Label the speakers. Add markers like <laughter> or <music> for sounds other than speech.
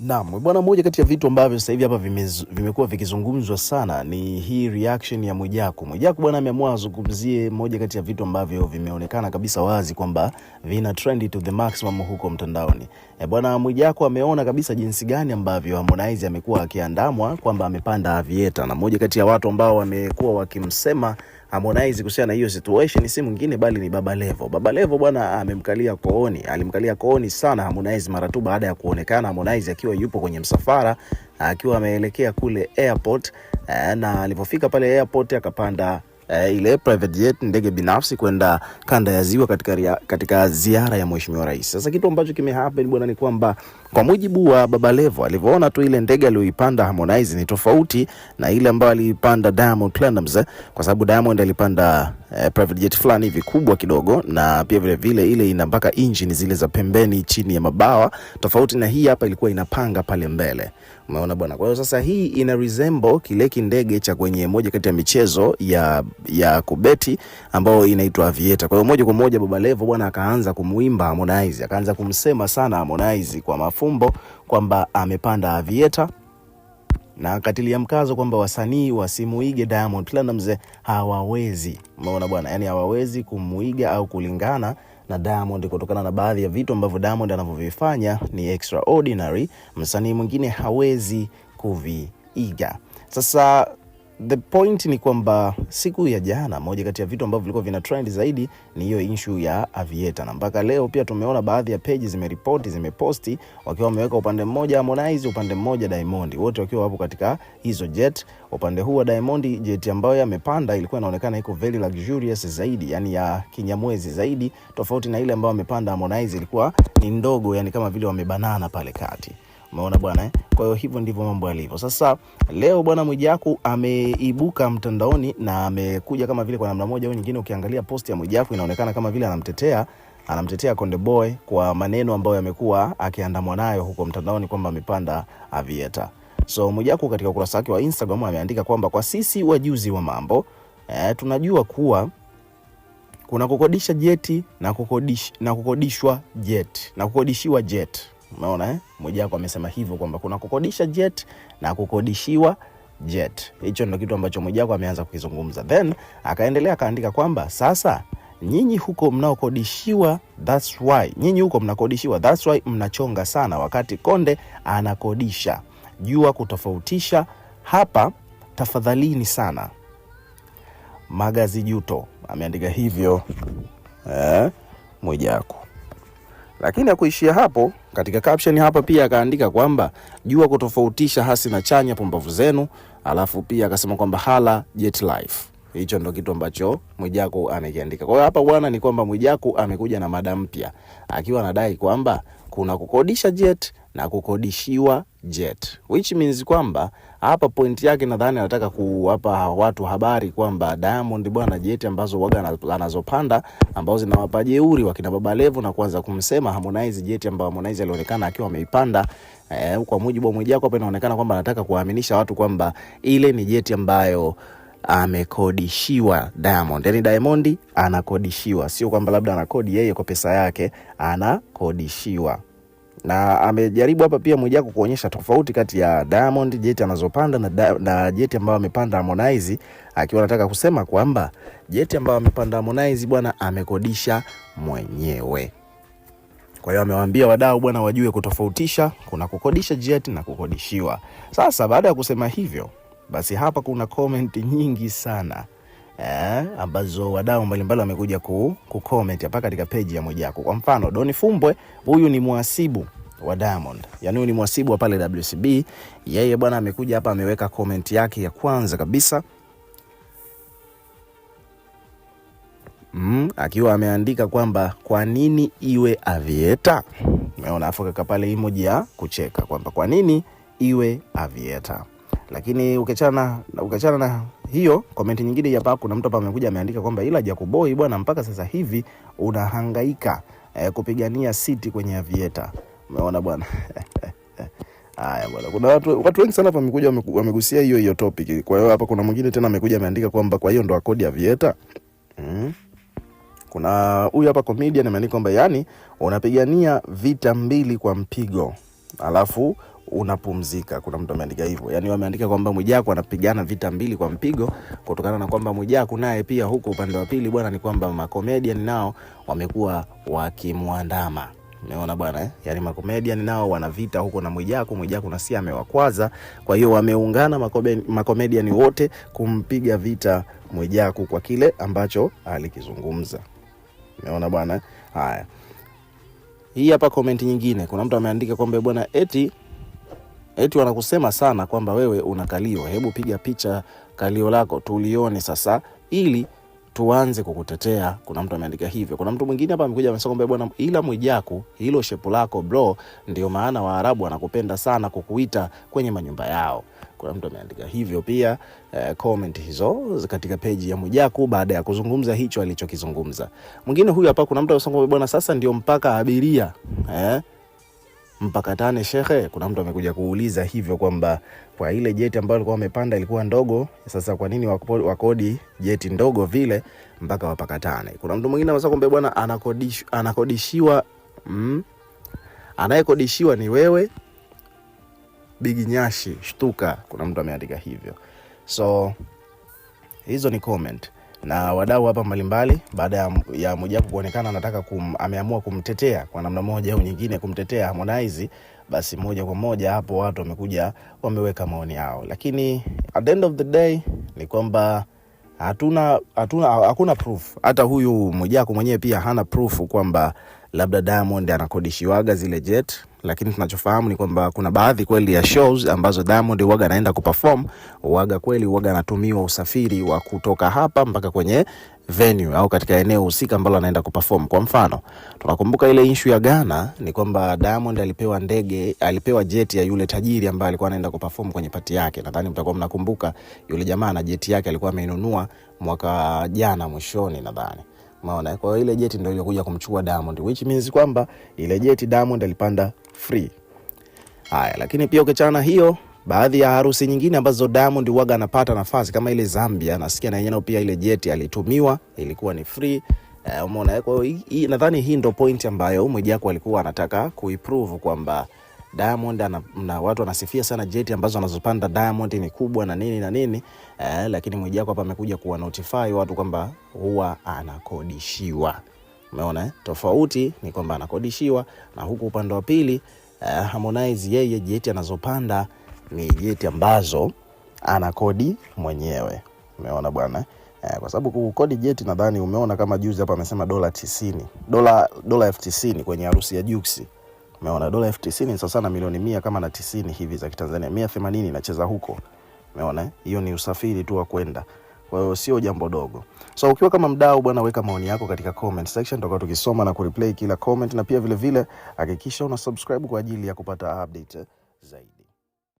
Speaker 1: Naam, bwana, moja kati ya vitu ambavyo sasa hivi hapa vimekuwa vikizungumzwa sana ni hii reaction ya Mwijaku. Mwijaku bwana ameamua azungumzie moja kati ya vitu ambavyo vimeonekana kabisa wazi kwamba vina trend to the maximum huko mtandaoni. E, bwana Mwijaku ameona kabisa jinsi gani ambavyo Harmonize amekuwa akiandamwa kwamba amepanda avieta, na moja kati ya watu ambao wamekuwa wakimsema Harmonize kuhusiana na hiyo situation si mwingine bali ni Baba Levo. Baba Levo bwana amemkalia kooni, alimkalia kooni sana Harmonize mara tu baada ya kuonekana Harmonize akiwa yupo kwenye msafara akiwa ameelekea kule airport, eh, na alipofika pale airport akapanda eh, ile private jet ndege binafsi kwenda kanda ya ziwa katika, ria, katika ziara ya mheshimiwa rais. Sasa kitu ambacho kimehappen bwana ni kwamba kwa mujibu wa Baba Levo alivyoona tu ile ndege aliyoipanda Harmonize ni tofauti na ile ambayo aliipanda Diamond Platnumz, kwa sababu Diamond alipanda eh, private jet fulani hivi kubwa kidogo, na pia vile vile ile ina mpaka engine zile za pembeni chini ya mabawa, tofauti na hii hapa ilikuwa inapanga pale mbele. Umeona bwana. Kwa hiyo sasa hii ina resemble kile kindege cha kwenye moja kati ya michezo ya, ya kubeti ambayo inaitwa Avieta. Kwa hiyo moja kwa moja Baba Levo bwana akaanza kumuimba Harmonize, akaanza kumsema sana Harmonize kwa mafumbo kwamba amepanda Avieta na akatilia mkazo kwamba wasanii wasimuige Diamond Platinumz hawawezi. Umeona bwana, yani hawawezi kumuiga au kulingana na Diamond kutokana na baadhi ya vitu ambavyo Diamond anavyovifanya ni extraordinary, msanii mwingine hawezi kuviiga. Sasa The point ni kwamba siku ya jana, moja kati ya vitu ambavyo vilikuwa vina trend zaidi ni hiyo inshu ya Avieta, na mpaka leo pia tumeona baadhi ya peji zimeripoti, zimeposti wakiwa wameweka upande mmoja Harmonize, upande mmoja Diamond, wote wakiwa wapo katika hizo jet. Upande huu wa Diamond, jet ambayo amepanda ilikuwa inaonekana iko very luxurious zaidi, yani ya kinyamwezi zaidi, tofauti na ile ambayo amepanda Harmonize, ilikuwa ni ndogo, yani kama vile wamebanana pale kati. Umeona bwana eh? Kwa hiyo hivyo ndivyo mambo yalivyo. Sasa leo bwana Mwijaku ameibuka mtandaoni na amekuja kama vile kwa namna moja au nyingine, ukiangalia posti ya Mwijaku inaonekana kama vile anamtetea anamtetea Konde Boy kwa maneno ambayo yamekuwa akiandamwa nayo huko mtandaoni kwamba amepanda Avieta. So Mwijaku katika ukurasa wake wa Instagram ameandika kwamba kwa sisi wajuzi wa mambo eh, tunajua kuwa kuna kukodisha jeti na kukodishwa jet na kukodishiwa jet Umeona eh? Mwijaku amesema hivyo kwamba kuna kukodisha jet na kukodishiwa jet. Hicho ndio kitu ambacho Mwijaku ameanza kukizungumza, then akaendelea akaandika kwamba sasa nyinyi huko mnaokodishiwa, that's why nyinyi huko mnakodishiwa, that's why mnachonga sana, wakati Konde anakodisha. Jua kutofautisha hapa tafadhalini sana. Magazi Juto ameandika hivyo eh, Mwijaku. Lakini hakuishia hapo. Katika caption hapa pia akaandika kwamba jua kutofautisha hasi na chanya, pumbavu zenu. Alafu pia akasema kwamba hala jet life. Hicho ndo kitu ambacho Mwijaku amekiandika. Kwa hiyo hapa bwana, ni kwamba Mwijaku amekuja na mada mpya, akiwa anadai kwamba kuna kukodisha jet na kukodishiwa jet which means kwamba hapa pointi yake nadhani anataka kuwapa watu habari kwamba Diamond bwana, jeti ambazo waga anazopanda ambazo zinawapa jeuri wakina Baba levu na kuanza kumsema Harmonize, jeti ambayo Harmonize alionekana akiwa ameipanda eh, kwa mujibu wa Mwijaku hapa inaonekana kwamba anataka kuwaaminisha watu kwamba ile ni jeti ambayo amekodishiwa Diamond. Yani Diamond anakodishiwa, sio kwamba labda anakodi yeye kwa pesa yake, anakodishiwa na amejaribu hapa pia Mwijaku kuonyesha tofauti kati ya Diamond jeti anazopanda na, na jeti ambayo amepanda Harmonize, akiwa anataka kusema kwamba jeti ambayo amepanda Harmonize bwana amekodisha mwenyewe. Kwa hiyo amewaambia wadau bwana wajue kutofautisha kuna kukodisha jeti na kukodishiwa. Sasa baada ya kusema hivyo, basi hapa kuna comment nyingi sana Eh, ambazo wadau mbalimbali wamekuja ku comment hapa katika page ya Mwijaku. Kwa mfano, Doni Fumbwe, huyu ni mwasibu wa Diamond. Yaani ni mwasibu wa pale WCB. Yeye bwana amekuja hapa ameweka comment yake ya kwanza kabisa. Mm, akiwa ameandika kwamba kwa nini iwe avieta? Umeona afu kaka pale emoji ya kucheka kwamba kwa nini iwe avieta. Lakini ukiachana ukiachana na hiyo komenti nyingine hapa, kuna mtu hapa amekuja ameandika kwamba ila Jacoboi bwana, mpaka sasa hivi unahangaika eh, kupigania siti kwenye avieta. Umeona bwana. <laughs> Haya bwana, kuna watu watu wengi sana wamekuja wamegusia hiyo hiyo topic. Kwa hiyo hapa kuna mwingine tena amekuja ameandika kwamba kwa hiyo ndo akodi ya Vieta. Mm. Kuna huyu hapa comedian ameandika kwamba yani unapigania vita mbili kwa mpigo. Alafu unapumzika. Kuna mtu ameandika hivyo. Yani wameandika kwamba Mwijaku anapigana vita mbili kwa mpigo kutokana na kwamba Mwijaku naye pia huko upande wa pili bwana ni kwamba makomedian nao wamekuwa wakimwandama. Umeona bwana eh? Yaani makomedian nao wana vita huko na Mwijaku, Mwijaku na si amewakwaza. Kwa hiyo wameungana makomedian wote kumpiga vita Mwijaku kwa kile ambacho alikizungumza. Umeona bwana? Haya. Hii hapa komenti nyingine. Kuna mtu ameandika kwamba bwana eti eti wanakusema sana kwamba wewe unakaliwa. Hebu piga picha kalio lako tulione sasa ili tuanze kukutetea. Kuna mtu ameandika hivyo. Kuna mtu mwingine hapa amekuja amesema kwamba bwana, ila Mwijaku, hilo shepu lako bro, ndio maana Waarabu wanakupenda sana kukuita kwenye manyumba yao. Kuna mtu ameandika hivyo pia. Eh, comment hizo katika peji ya Mwijaku baada ya kuzungumza hicho alichokizungumza. Mwingine huyu hapa, kuna mtu amesema kwamba bwana, sasa ndio mpaka abiria eh mpakatane shekhe. Kuna mtu amekuja kuuliza hivyo kwamba kwa ile jeti ambayo alikuwa amepanda ilikuwa ndogo, sasa kwa nini wakodi jeti ndogo vile mpaka wapakatane? Kuna mtu mwingine anasema kwamba bwana anakodishwa, anakodishiwa mm, anayekodishiwa ni wewe nyashi shtuka. Kuna mtu ameandika hivyo, so hizo ni comment na wadau hapa mbalimbali, baada ya Mwijaku kuonekana anataka kum, ameamua kumtetea kwa namna moja au nyingine, kumtetea Harmonize, basi moja kwa moja hapo watu wamekuja wameweka maoni yao, lakini at the end of the day ni kwamba hatuna hatuna hakuna proof. Hata huyu Mwijaku mwenyewe pia hana proof kwamba labda Diamond anakodishiwaga zile jet lakini tunachofahamu ni kwamba kuna baadhi kweli ya shows ambazo Diamond huaga anaenda kuperform, huaga kweli huaga anatumiwa usafiri wa kutoka hapa mpaka kwenye venue au katika eneo husika ambalo anaenda kuperform. Kwa mfano, tunakumbuka ile issue ya Ghana ni kwamba Diamond alipewa ndege, alipewa jeti ya yule tajiri ambaye alikuwa anaenda kuperform kwenye pati yake. Nadhani mtakuwa mnakumbuka yule jamaa na jeti yake alikuwa ameinunua mwaka jana mwishoni nadhani. Maona, kwa ile jeti ndio iliyokuja kumchukua Diamond, which means kwamba ile jeti Diamond alipanda free. Haya, lakini pia ukichana na hiyo, baadhi ya harusi nyingine ambazo Diamond waga anapata nafasi kama ile Zambia, nasikia na yenyewe pia ile jeti alitumiwa ilikuwa ni free. Uh, umeona. Eh, kwa hiyo nadhani hii ndo point ambayo Mwijaku alikuwa anataka kuiprove kwamba Diamond na, na watu wanasifia sana jeti ambazo anazopanda Diamond ni kubwa na nini na nini uh, lakini Mwijaku hapa amekuja kuwa notify watu kwamba huwa anakodishiwa. Umeona eh? Tofauti ni kwamba anakodishiwa na huku upande wa pili eh, Harmonize yeye jeti anazopanda ni jeti ambazo anakodi mwenyewe. Umeona bwana eh? Kwa sababu kukodi jeti nadhani umeona kama juzi hapa amesema dola 90, dola dola elfu tisini kwenye harusi ya juksi Umeona dola elfu tisini ni sawa sana milioni mia kama na tisini hivi za Kitanzania, mia themanini inacheza huko. Umeona eh? hiyo ni usafiri tu wa kwenda kwa hiyo sio jambo dogo. So ukiwa kama mdau bwana, weka maoni yako katika comment section, tutakuwa tukisoma na kureplay kila comment, na pia vilevile hakikisha una subscribe kwa ajili ya kupata update zaidi.